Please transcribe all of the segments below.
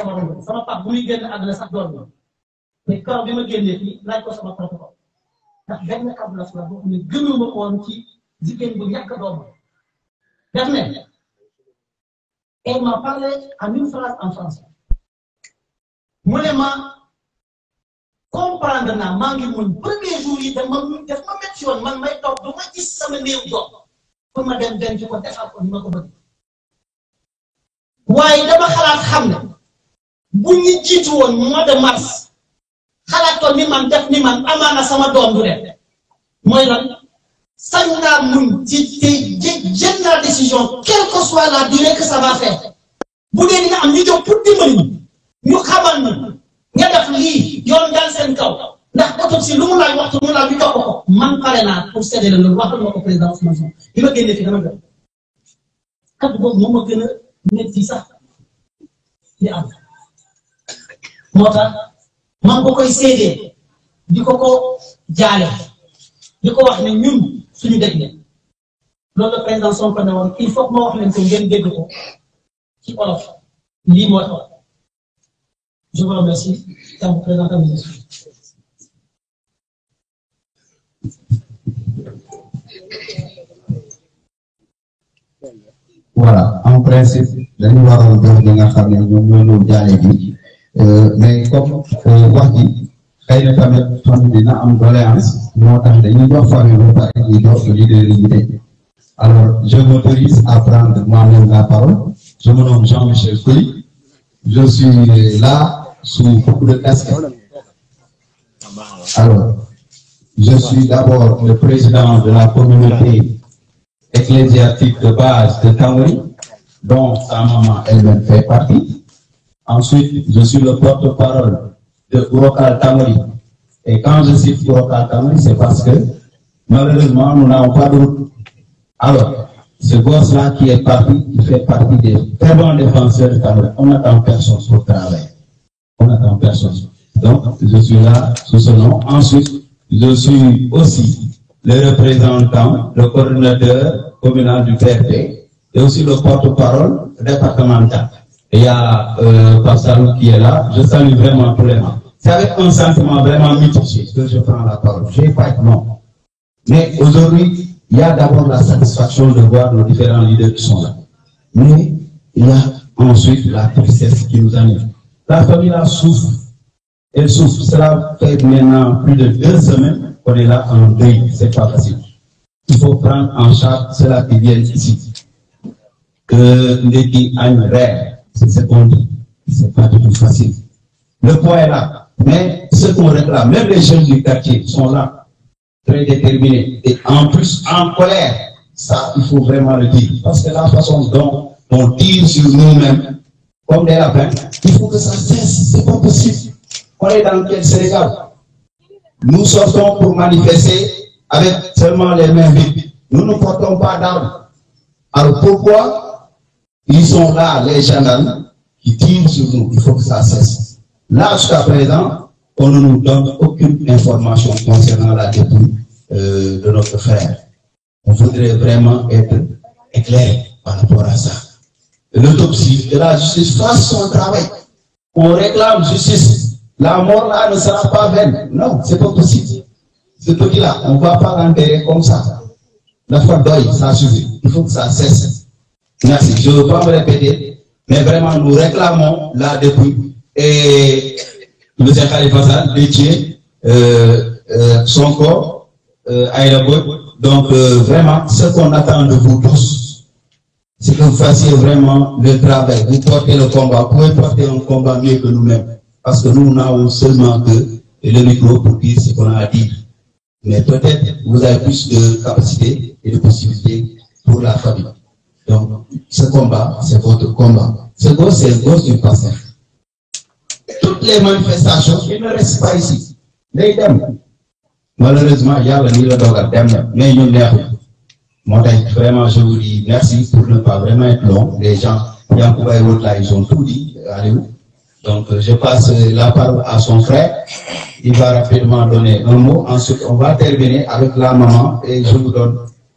sama bopp sama pap bu muy génn àdduna sax doon na te kaw bi ma génnee fii laaj ko sama protocole ndax benn kàddu la sula boo xam ne gënuma woon ci jigéen bu ñàkk doom def ne elle m'a parlé en une phrase en français mu ne ma comprendre naa maa ngi mun premier jour yi dama def ma métti woon man may toog du ma gis sama néew doom pour ma dem denc ko defal ko ni ma ko bëgg waaye dama xalaat xam ne bu ñu jiitu woon mois de mars xalaatoon ni man def ni man amaana sama doon du dem mooy lan sañ naa mun ci te jël naa décision quelle que la durée que ça va bu dee dina am ñu jóg pour dimbali ñu ñu xamal na nga def lii yoon dal seen kaw ndax autopsie lu mu laaj waxtu mu laaj ñu jox ko man pare naa pour séddale loolu waxal ma ko président Ousmane Sonko bi ma génnee fii dama jox kaddu boobu moom ma gën a métti sax li am. moo tax man ko koy di ko ko jaale di ko wax ne ñun suñu dégg ne loolu la président Sonko ne woon il faut ma wax leen ko ngeen dégg ko ci olof lii moo tax je vous remercie tam président en principe dañu waroon jox li nga xam ne ñoom ñoo ñëw jaale bi Euh, mais comme Wadi, il y a de famille dina am doléance nous tax dañuy jox famille ba pare ñu jox leader de alors je m'autorise à prendre moi-même la parole je me nomme Jean-Michel Coly je suis là sous beaucoup de casquettes alors je suis d'abord le président de la communauté ecclésiastique de base de Kaolack dont sa maman elle-même fait partie Ensuite, je suis le porte-parole de Gurokal Tamari. Et quand je suis Gurokal Tamari, c'est parce que malheureusement, nous n'avons pas de Alors, ce gosse-là qui est parti, qui fait partie des très bons défenseurs de Tamari. On n'attend personne sur le travail. On n'attend personne. Donc, je suis là sous ce nom. Ensuite, je suis aussi le représentant, le coordinateur communal du PRP et aussi le porte-parole départemental il y a euh, Passalou qui est là. Je salue vraiment tous les membres. C'est avec un sentiment vraiment mitigé que je prends la parole. Je vais pas être non. Mais aujourd'hui, il y a d'abord la satisfaction de voir nos différents leaders qui sont là. Mais il y a ensuite la tristesse qui nous anime. La famille là souffre. Elle souffre. Cela fait maintenant plus de deux semaines qu'on est là en deuil. C'est pas facile. Il faut prendre en charge cela qui vient ici. Que a une rêve dit. Ce c'est pas du tout facile. Le poids est là, mais ce qu'on réclame, même les jeunes du quartier sont là, très déterminés, et en plus en colère. Ça, il faut vraiment le dire. Parce que la façon dont on tire sur nous-mêmes, comme des lapins, il faut que ça cesse. C'est pas possible. On est dans quel Sénégal Nous sortons pour manifester avec seulement les mains vides. Nous ne portons pas d'armes. Alors pourquoi ils sont là, les gendarmes, qui tirent sur nous. Il faut que ça cesse. Là, jusqu'à présent, on ne nous donne aucune information concernant la dépouille euh, de notre frère. On voudrait vraiment être éclairé par rapport à ça. L'autopsie de la justice fasse son travail. On réclame justice. La mort là ne sera pas vaine. Non, c'est pas possible. Ce petit-là, on ne va pas l'enterrer comme ça. La fois d'œil, ça suffit. Il faut que ça cesse. Merci. Je ne veux pas me répéter, mais vraiment, nous réclamons là depuis et M. Khalifa Sall, l'étier, euh, euh, son corps euh, à Donc, euh, vraiment, ce qu'on attend de vous tous, c'est que vous fassiez vraiment le travail, vous portez le combat, vous pouvez porter un combat mieux que nous-mêmes. Parce que nous n'avons seulement que le micro pour dire ce qu'on a à dire. Mais peut-être vous avez plus de capacités et de possibilités pour la famille. Donc, ce combat, c'est votre combat. Ce gosse, c'est le gosse du passé. Toutes les manifestations, il ne reste pas ici. Les dames. Malheureusement, il y a le niveau de mais a rien. Moi, vraiment, je vous dis merci pour ne pas vraiment être long. Les gens, Yankouba et autres, là, ils ont tout dit. Allez-vous. Donc, euh, je passe la parole à son frère. Il va rapidement donner un mot. Ensuite, on va terminer avec la maman et je vous donne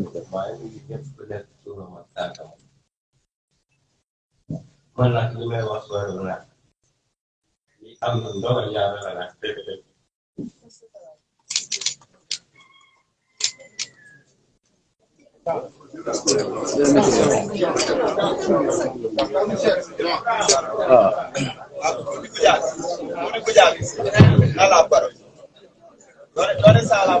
trabalho kita temos Di de turma também. Mana kime wa suara Ah. Dore dore sala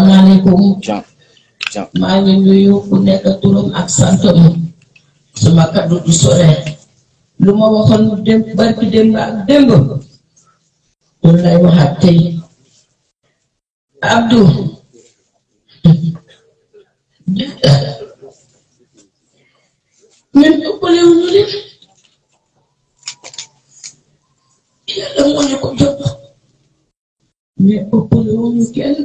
asalaamaaleykum maa ngi nuyu ku nekk turam sore lu ma dem, démb dem, démb ak démb loolu lay waxaat tey Abdou ñun ëppalewuñu leen yàlla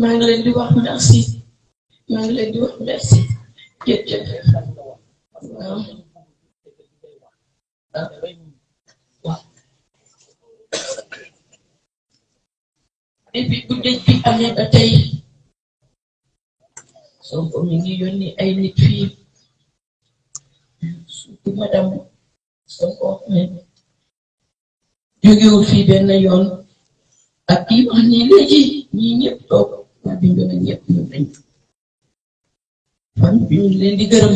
maa ngi leen di wax merci maa ngi leen di wax merci jërëjëf waaw depuis bu dëj bi amee ba tey soo ko mi ngi yónni ay nit fii surtout madame soo ko jógewul fii benn yoon ak kii wax nii léegi ñii ñëpp toog gën a ñëpp ñu dañ kon ñu ngi leen di gërëm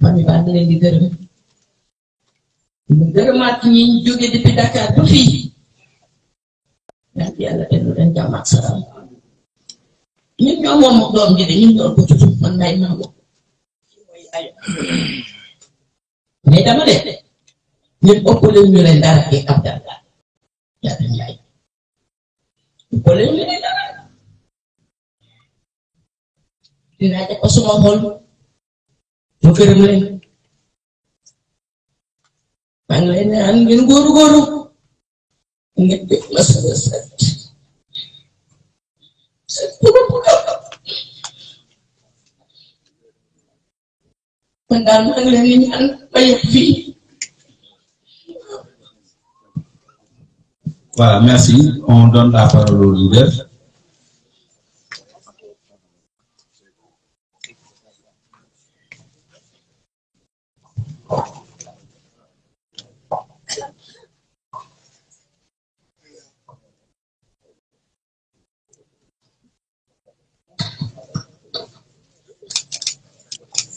famille baa ngi leen di gërëm ñu gërëmaat ñi jóge depuis Dakar ba fii ndax yàlla te lu dañ jàmm ak salaam ñun ñoo moom doom ji ko United Osumahol Mukirim lain lain guru mas Voilà, merci. On donne la parole au leader.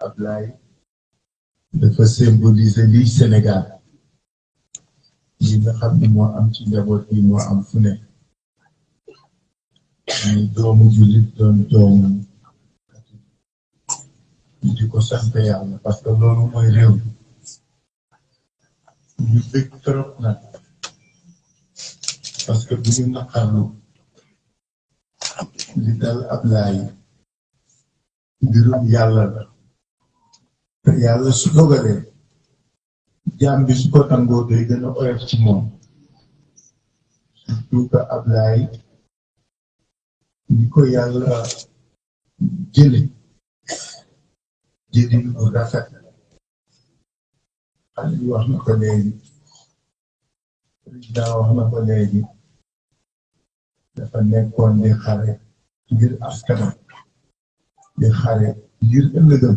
ab Ablaye dafa symboliser liy Sénégal li nga xam ne moo am ci njaboot bi moo am fu ne muy doomu jullit doon doomu di ko sant yàlla parce que loolu mooy réew mi ñu trop nag parce que bu ñu naqarlu li dal Ablaye mbirum yàlla la te yàlla su dogalee jaam bi su ko nangoo day gën a oyof ci moom surtout que Ablaay ni ko yàlla jële jëlin bu rafet xale bi wax na ko léegi dafa nekkoon di xare ngir askanam di xare ngir ëllëgam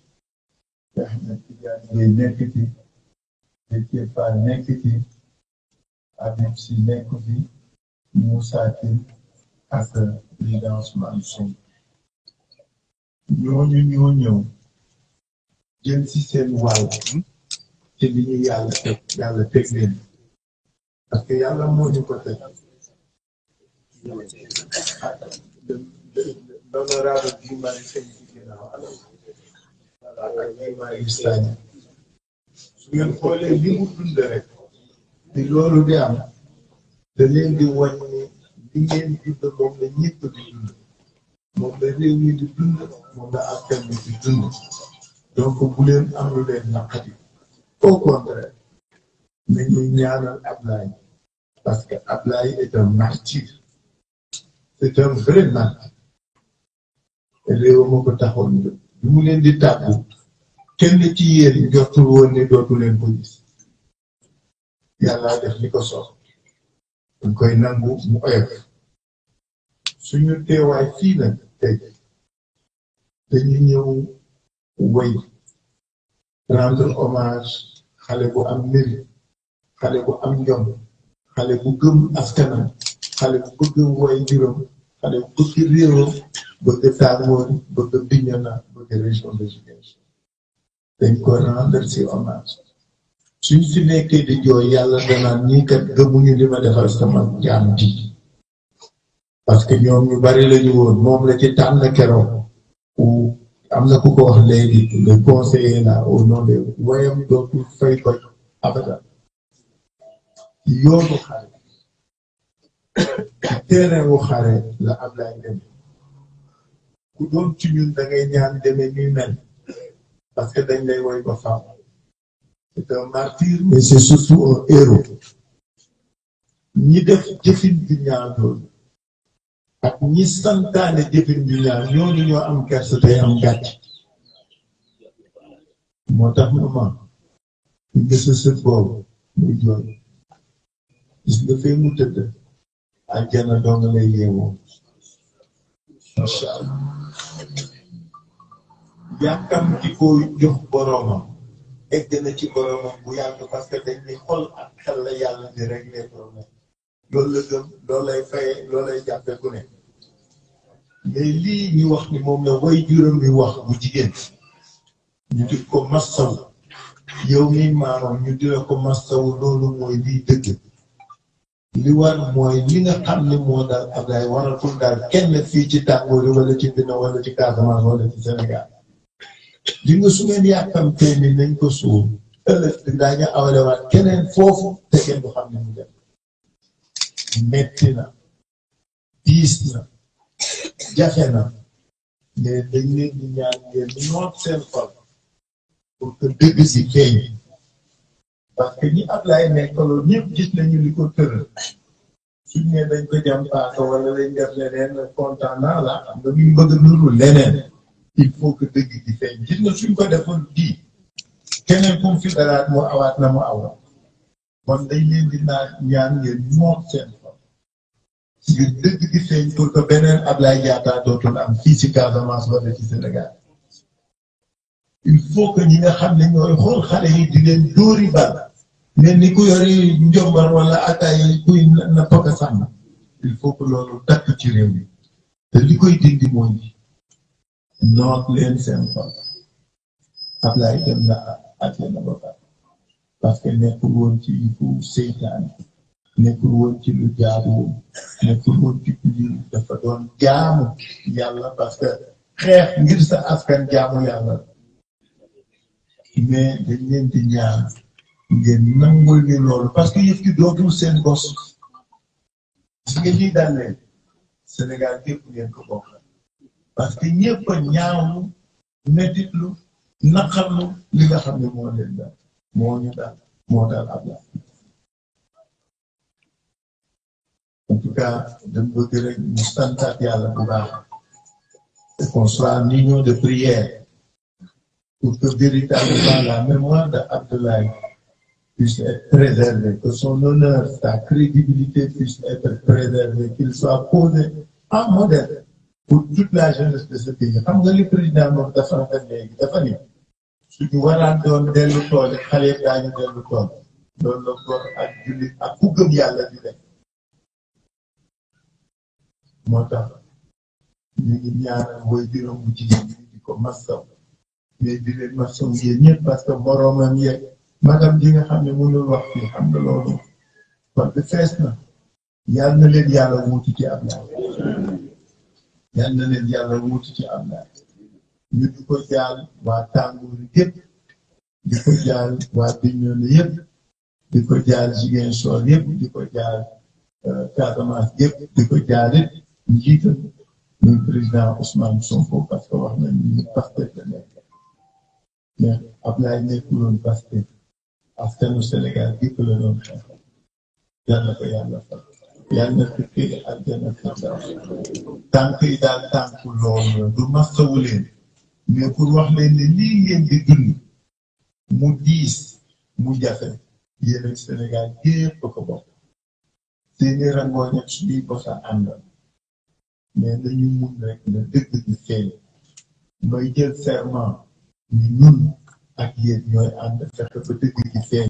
Cheikh na Tidiane Dièye nekk fi Déthié nekk fi Habib Sy nekk fi Moussa Sy ak président Ousmane Sonko ñooñu ñoo ñëw jël ci seen wàll te li ñu yàlla teg yàlla yàlla moo ñu ko teg ak ñoom maa ngi su ngeen xoolee mu dund di loolu di am da leen di wàññi li ngeen dund moom la ñëpp di dund moom la réew yi di dund moom la askan bi di dund donc bu leen am lu leen naqari au contraire nañu ñaanal Ablaye parce que Ablaye est un c'est un vrai martyr réew ma ko bi mu leen di tàggu kenn ci yéen jotul woon ne dootu leen def li ko soxla dañ koy nangu mu oyof suñu teewaay fii nag tey dañu ñëw woy rendre hommage xale bu am mérite xale bu am njom xale bu gëm askanam xale bu bëgg woy njuróom xale bu bëgg réewam bëgg Tagore bëgg Bignona bëgg région de Ziguinchor dañ ko rendre ci hommage nekkee di jooy yàlla danaan ñii kat gëmuñu li ma defar sama jaam ji parce que ñoom ñu bari lañu woon moom la ci tànn keroog am na ku ko wax léegi le conseiller là au nom de wayam dootul fay ko abadan xare terrain xare la Ablaye demee doon ci ñun da ngay ñaan demee ñuy mel parce que dañ lay woy ba faaw c'est un martyr mais c'est surtout ñi def jëfin ju ñaaw loolu ak ñi santaane jëfin ju ñaaw ñooñu ñoo am kersa tey am gàcc moo tax maman ñu nga sa boobu muy jooy gis nga fee mu tëdd àjjana doo nga lay yeewoo incha allah yàkkam ci ko jox boroomam egg na ci boroomam bu yàgg parce que dañ ni xol ak xel yàlla ni rek les problèmes loolu la gëm loolu lay ku ne mais lii ñu wax ni moom la way juróom wax bu jigéen ñu di ko massaw yow mi maanoon ñu di la ko massaw loolu mooy liy dëgg li war mooy li nga xam ne moo daal Ablaye waratul daal kenn fii ci tàngoor wala ci dina wala ci Casamance wala ci Sénégal di nga su ngeen nañ ko suul ëllëg keneen foofu te kenn du xam ne mu dem metti na diis na jafe na mais dañ leen di ñaan ngeen seen xol pour que dëgg si feeñ parce que ñi Ablaye nekkaloo ñëpp gis nañu li ko tëral suñ ne dañ ko jàmpaaka wala lañ def leneen kontaan naa la am nga nuru leneen il faut que dëgg gi feeñ gis nga suñ ko defoon di keneen kum fi dalaat moo awaat na mu awa kon dañ leen di naan ñaan ngeen moom seen xol ngir dëgg gi feeñ pour que beneen Ablaye Diatta dootul am fii ci Casamance wala ci Sénégal il faut que ñi nga xam ne ñooy xool xale yi di leen dóori bal mais ni ku yori njombar wala ataay kuy na pokka sàmm il faut que loolu dakk ci réew mi te li koy dindi mooy noot leen seen xol Ablaye dem na àjjana ba pare parce que nekkul woon ci yifu seytaan nekkul woon ci lu jaaduwul nekkul woon ci li dafa doon jaamu yàlla parce que xeex ngir sa askan jaamu yàlla mais dañ di ñaan ngeen nangul ñu loolu parce que yëf gi dootul seen bos. si nga ñuy dalee Sénégal gépp ngeen ko bokk. parce que n'y a pas ne naqarlu li nga xam ne moo leen daal nous ñu daal moo daal nous. en tout cas nous bëgg rek ñu santaat yàlla et qu'on soit en union de prière pour que véritablement la mémoire de puisse être préservée que son honneur sa crédibilité puisse être préservée qu'il soit posé en modèle pour toute la jeunesse de ce pays xam nga li président moom dafa rafet léegi dafa ni suñu waraan doon dellu tool xale daañu dellu tool loolu la góor ak jullit ak ku yàlla di def moo tax ñu ngi ñaanal woy juróom bu jigéen ñi di ko massaw mais di parce que moroomam yeeg magam ji nga xam ne mënul wax fii xam nga loolu parce que fees na yàlla na leen yàlla wuutu ci am naa yal na leen yàlla wuutu ci am naa ñu di ko jaal waa tàngoor yëpp di ko jaal waa Bignona yëpp di ko jaal Ziguinchor yëpp di ko jaal euh, Casamance yëpp di ko jaal it njiitam muy président Ousmane Sonko parce que wax nañ ni Pastef la nekk mais Ablaye nekkuloon Pastef askanu Sénégal yëpp la doon xeexal yal na ko yàlla fal yàlla na fekkee àjjana firdaws tànk yi daal tànk loolu la du masawu leen mais pour wax leen ne lii ngeen di dund mu diis mu jafe yéen ak Sénégal yépp ko bokk seeni rangooñ ak suñuy bos a mais nañu mun rek na dëgg di feeñ mooy jël serment ni ñun ak yéen ñooy ànd fexe ba dëgg di feeñ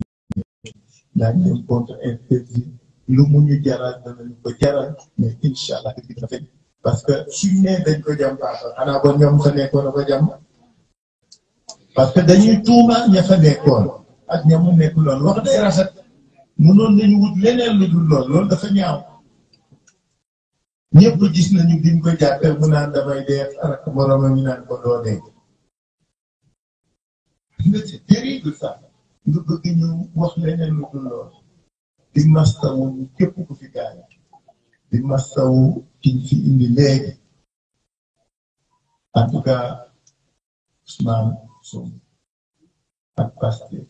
daañ dem contre interdit lu mu ñu jaral danañu ko jaral mais incha allah dina feeñ parce que suñ nee dañ ko jàmm paasal xanaa ba ñoom fa nekkoon a ko jàmm parce que dañuy tuuma ña fa nekkoon ak ña mu nekk loolu wax day rafet mënoon nañu wut leneen lu dul lool loolu dafa ñaaw ñëpp gis nañu biñ ko jàppee mu naan damay dee ak moromam ñu naan ko doo dee. nga ci terrible sax nga bëgg wax leneen lu dul lool. di masawu képp ku fi gaañ di masawu ki fi indi léegi en tout cas ak Pastef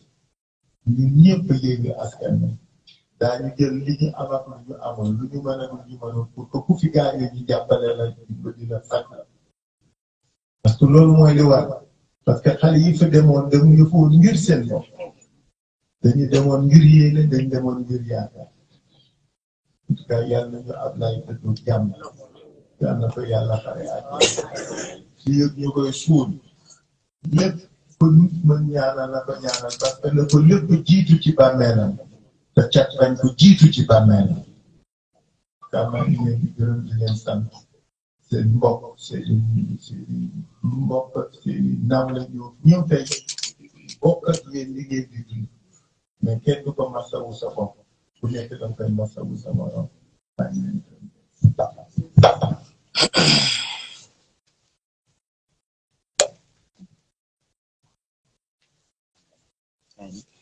ñun ñëpp yéegi askan wi daañu jël li ñu amat lu ñu amoon lu ñu mën a lu ñu mënoon pour que ku fi gaañu ñu jàppale la ñu di la sàkkal parce que loolu mooy li war parce xale yi fa demoon demuñu ko ngir seen bopp. dañu demoon ngir yéene dañ demoon ngir yaakaar en tout cas yàlla nañu Ablaye dëddu jàmm yàlla na ko yàlla xare ak ci yëpp ñu koy suul lépp ko nit mën ñaanal na ko ñaanal parce que na ko jiitu ci bàmmeelam te cat bañ ko jiitu ci bàmmeelam maa ngi leen di gërëm di leen sant seen mbokk seen seen mbokk seen nawle ñëw tey bokk ak yéen liggéey bi mais kenn du ko ou sa bopp bu nekk da nga koy masawu sa morom Thank you.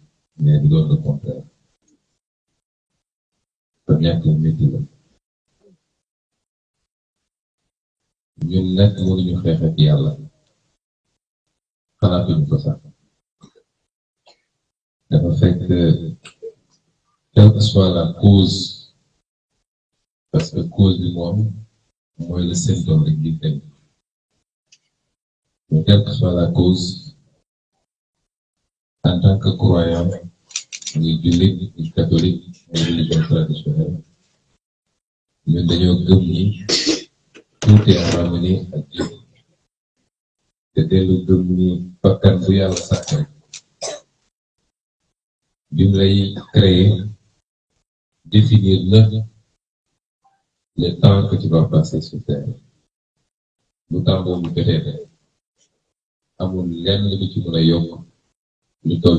Mais de l'autre côté. Il faut bien que le métier. Il y a une lettre où il y a un frère qui est là. Il faut c'est nous le sachions. Il que, quelle que soit la cause, parce que la cause du monde, on est le seul dans l'église. Mais quelle que soit la cause, tentang kekurangan di jilid di katolik di tradisional mendenyo gumni tuti aramini ajib tetelu gumni pakan ini sakit jumlahi créer définir le le temps que tu vas passer sur terre bu temps boobu jotee amul lenn Amun ci mën ton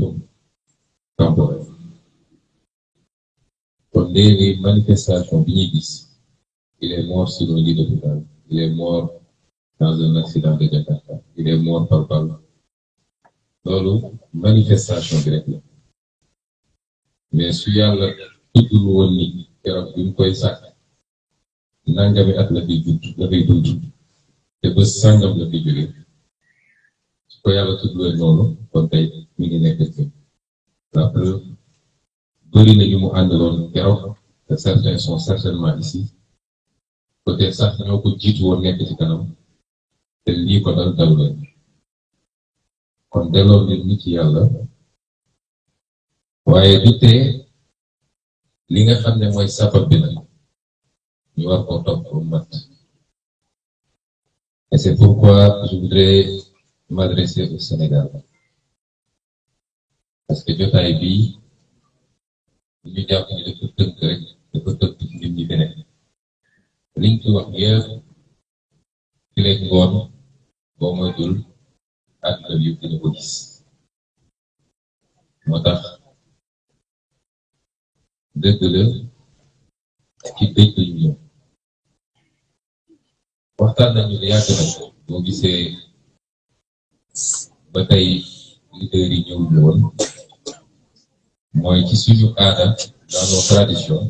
nom, temporaire. Comme les manifestations il est mort sur le lit d'hôpital, il est mort dans un accident de Jakarta, il est mort par balle. le manifestation grecque. Mais su yàlla tuddul woon ni keroog bi mu koy sàkk nangami at la fiy dund la fiy dund te bés sàngam la fiy jógee ko yàlla tuddee noonu kon tey mi ngi nekk ci la preuve bëri ñu mu àndaloon keroog te certains sont certainement ici peut-être sax ñoo ko jiitu woon nekk ci kanam te lii ko dal daw kon delloo leen ni yàlla waaye du li nga xam ne mooy sabab bi nag ñu war koo topp mat et c'est pourquoi je voudrais ma adressé au Sénégal parce que jotaay bii ñu jàpp ni dafa tënk rek dafa tënk ci nit ñi beneen liñ ci wax yëpp ci leen ngoon boo moytul àdduna bi yëpp dina ko gis moo tax dëgg la ci dëj lañu ñëw waxtaan nañu ne yàgg na boo gisee ba tey leaders yi ñëw ñu woon mooy ci suñu aada dans nos traditions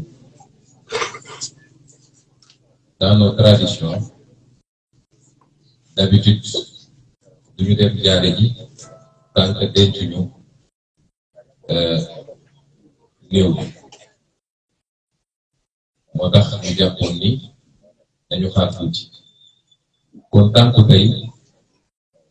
dans nos traditions d'habitude duñu dem jaare ji tant que dencuñu néew bi moo tax ñu jàppoon ni dañu xaar tuuti kon tant que tey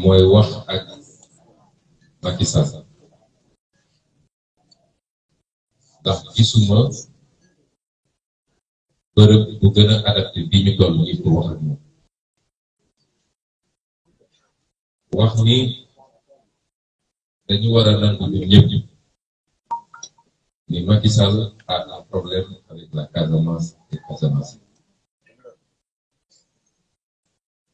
mooy wax ak Macky Sall ndax gisuma bërëb bu gën bi ñu toll nii pour wax ak moom wax ni dañu war a nangu ñun ñëpp ni Macky Sall a problème avec la Casamance et Casamance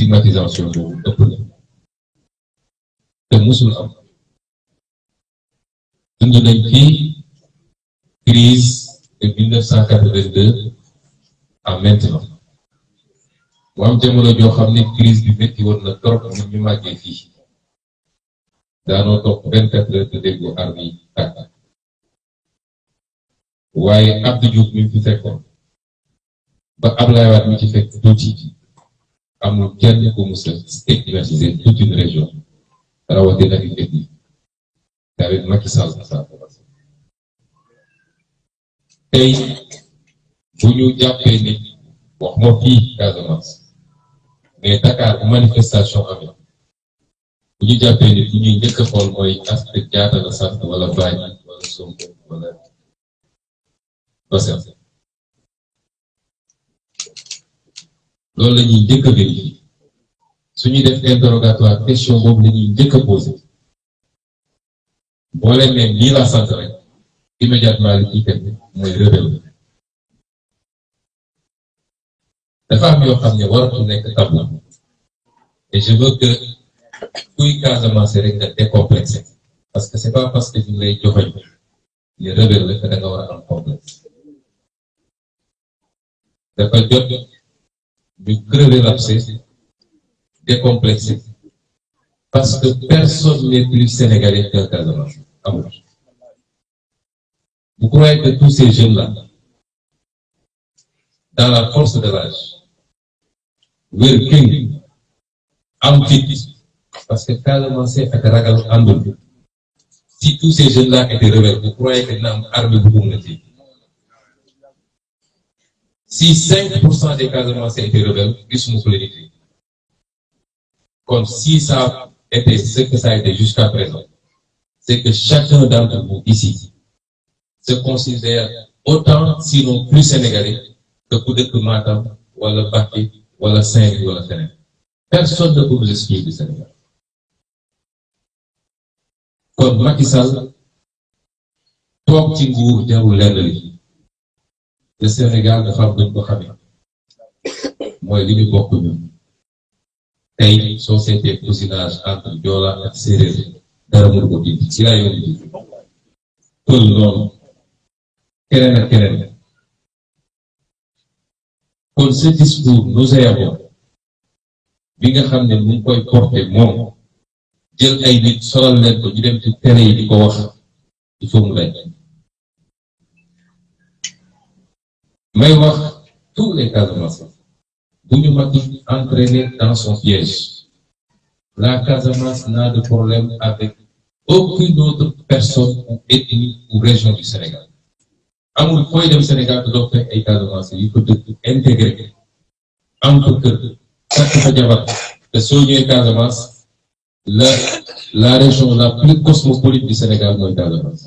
stigmatisation boobu ëpp na te musul am dund nañ fi crise de 1982 à maintenant bu jamono joo xam ne crise bi métti woon na trop nit ñu màggee fii daanoo toog vingt quatre heures de déggu armi tàkk waaye Abdou Diouf mi fi fekkoon ba Ablaye Wade mi ci fekk tuuti à mondiale de Komoussa, c'était privatiser toute une région. Rawatena Rifedi. C'est avec Macky Sall que ça a commencé. tey bu ñu jàppee ni wax ma fi Casamance mais Dakar bu manifestation amee bu ñu jàppee ni bu ñuy njëkk que xool mooy aspect jaata la sant wala baañ wala Sonko wala Bassirou loolu la ñuy njëkk a vérifier suñuy def interrogatoire question boobu la ñuy poser a posé boo leen ne nii laa sant rek immédiatement li ciy teg mooy dafa am yoo xam ne waratu nekk tabou et je veux que kuy Casamance rek nga décomplexé parce que c'est pas parce que ñu lay joxoñ ni rebel la que da nga war a am complexe dafa jot de crever l'abcès, décomplexé, parce que personne n'est plus sénégalais qu'un Casamance. Vous croyez que tous ces jeunes-là, dans la force de l'âge, working, am parce que un ak ragal àndul. Si tous ces jeunes-là étaient rebelles, vous croyez que nous avons armée bu si 5% des Casamançais étaient révélés, gisuma ku leen di comme si ça était ce que ça a été jusqu'à présent c'est que chacun d'entre vous ici se considère autant sinon plus sénégalais que pour la ou ou wala ou wala saint à la feneen personne ne peut vous expliquer du Sénégal Comme Macky Sall petits de nguur jarul te Sénégal dafa am nañ ko xamee mooy li bokk ñu tey soo seetee cousinage entre Joola ak Séeréer dara mënu ko dindi ci laa yoon bi pël noonu keneen ak keneen kon ce discours nauséa bo bi nga xam ne mu ngi koy porter moom jël ay nit solal leen ko dem tere yi di ko wax il faut mu may wax tous les vous ne m'avez entraîné entraîner dans son piège la Casamance n'a de problème avec aucune autre personne ou ethnie ou région du Sénégal mon point, du Sénégal doit doo un ay de masse. peut faut intégré en tout cas, chaque te soo la la région la plus cosmopolite du Sénégal de masse.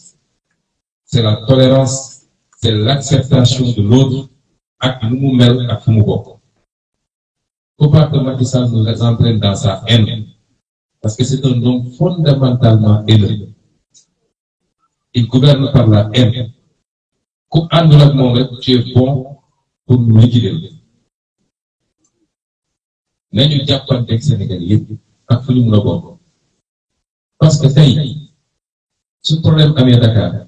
c'est la tolérance, c'est l'acceptation de l'autre à qui nous mel à qui nous bokk. Faut pas nous entraîne dans sa haine, parce que c'est un homme fondamentalement haineux. Il gouverne par la haine. Quand àndul ak moom tu es bon pour nous guider. Mais nous Sénégal pas ak fu ñu pas bokk. parce que c'est ce problème à Dakar.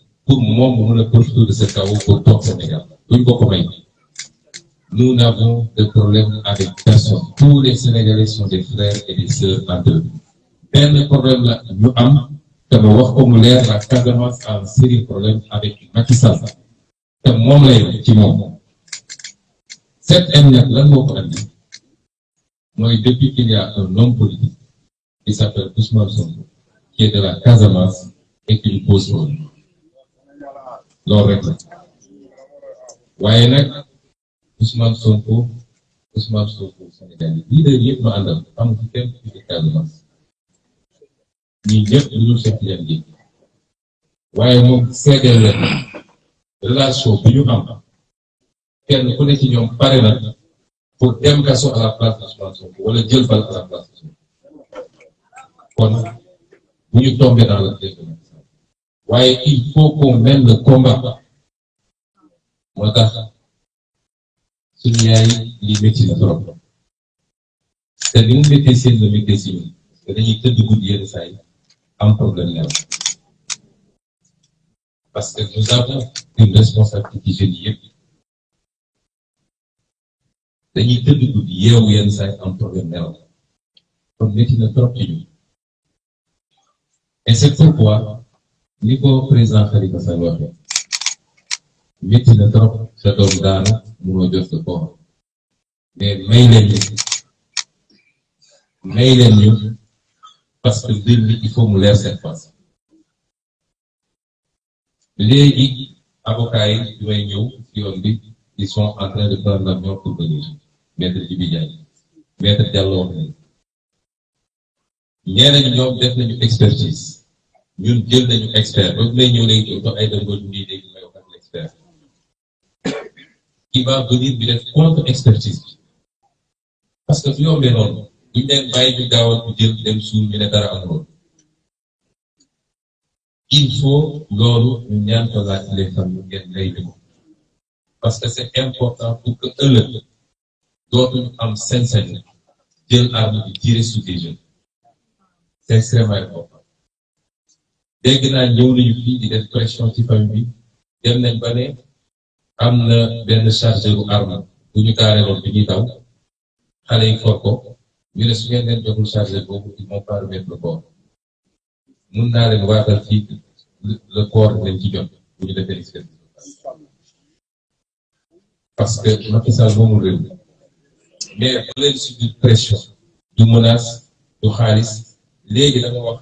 de ce Sénégal nous n'avons de problème avec personne tous les Sénégalais sont des frères et des sœurs entre eux Un problème la ñu am te wax la Casamance a un sérieux problème avec Macky Sall C'est mon la qui cette année là, lan avons depuis qu'il y a un homme politique qui s'appelle Ousmane Sonko qui est de la Casamance et qui lui pose problème loolu rek la waaye nag Ousmane Sonko Ousmane Sonko Sénégal yi lii léegi yëpp ma àndal am ci kenn ku ci Casamance ñun ñëpp ñu waaye moom seedeel leen relation bi ñu am kenn ku ne ci ñoom pare na pour dem kaso à la place de Ousmane Sonko wala jël bal à la place de Sonko kon bu ñu tombé dans la déedéet. il faut qu'on mène le combat. Moi, ça, c'est une limitation de la C'est l'une des limitation de mes décisions. C'est l'unité du quotidien de ça. Un problème Parce que nous avons une responsabilité de dire. C'est l'unité idée du quotidien où il y a un certain problème là. On décide notre opinion. Et c'est pourquoi. li ko président Khalifa Sall waxee métti na trop sa doom daana munoo jot sa koor mais may leen ñu may leen ñu parce que mbir il faut mu leer seen face léegi avocats di may ñëw ci yoon bi ils sont en train de prendre l'avion pour venir maître Djibi Diagne maître Diallo wax nañu ñoom def nañu expertise ñun jël nañu expert ba que bu yombee noonu buñ leen loolu ñu ñaan ko laaj les ngeen lay déglu parce que c'est important pour que ëllëg dootuñu am sañ jël arme bi tirer sur extrêmement dégg naa ñëw nañu fii di def pression ci famille bi dem nañ ba ne am na benn chargeur bu arme bu ñu gaareeloon bi ñuy daw xale yi for ko ñu ne su ngeen leen joxul chargeur boobu ils vont pas remettre le mun naa leen waatal fii le corps ci jot parce que Macky Sall moomu réew mais bu leen subir pression du menace du xaalis léegi dama wax.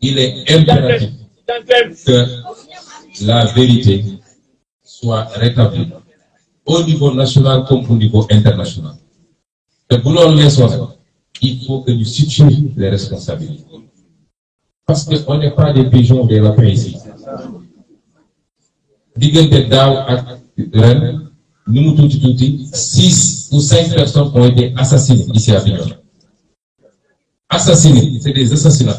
il est impératif que la vérité soit rétablie au niveau national comme au niveau international. Le pour il faut que nous situions les responsabilités parce qu'on on n'est pas des pigeons de la paix ici six ou cinq personnes ont été assassinées ici à Bignona assassinées c'est des assassinats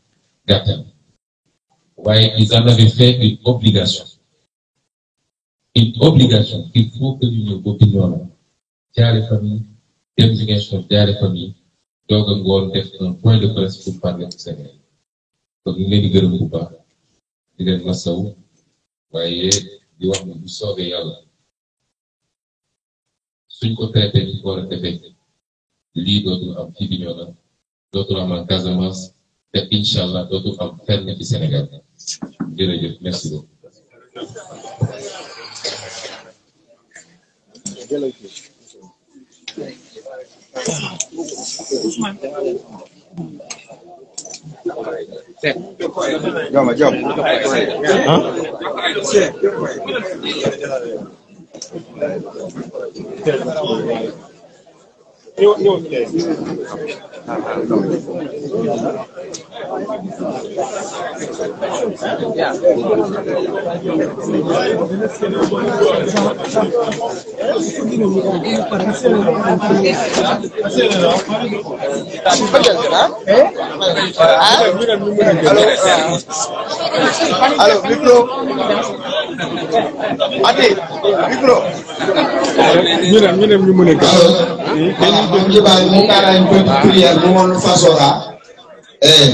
gâteau. Ouais, ils en avaient fait une obligation. Une obligation qu'il faut que l'Union Bopignon, tiens les familles, tiens les familles, donc on doit un point de presse pour parler au Sénégal. Donc, nous les gërëm bu baax di leen masaw waaye di wax ne bu soobee yàlla suñ ko traité que ko war a defee lii dootul am ci Bignona dootul am en Casamance te incha allah ci Sénégal Yeah. Halo, mikro. Adi, mikro. Minam, minam ñu mëne gaaw. Dañu jëm ci baal mu kaarañ ko prière fasora. Eh,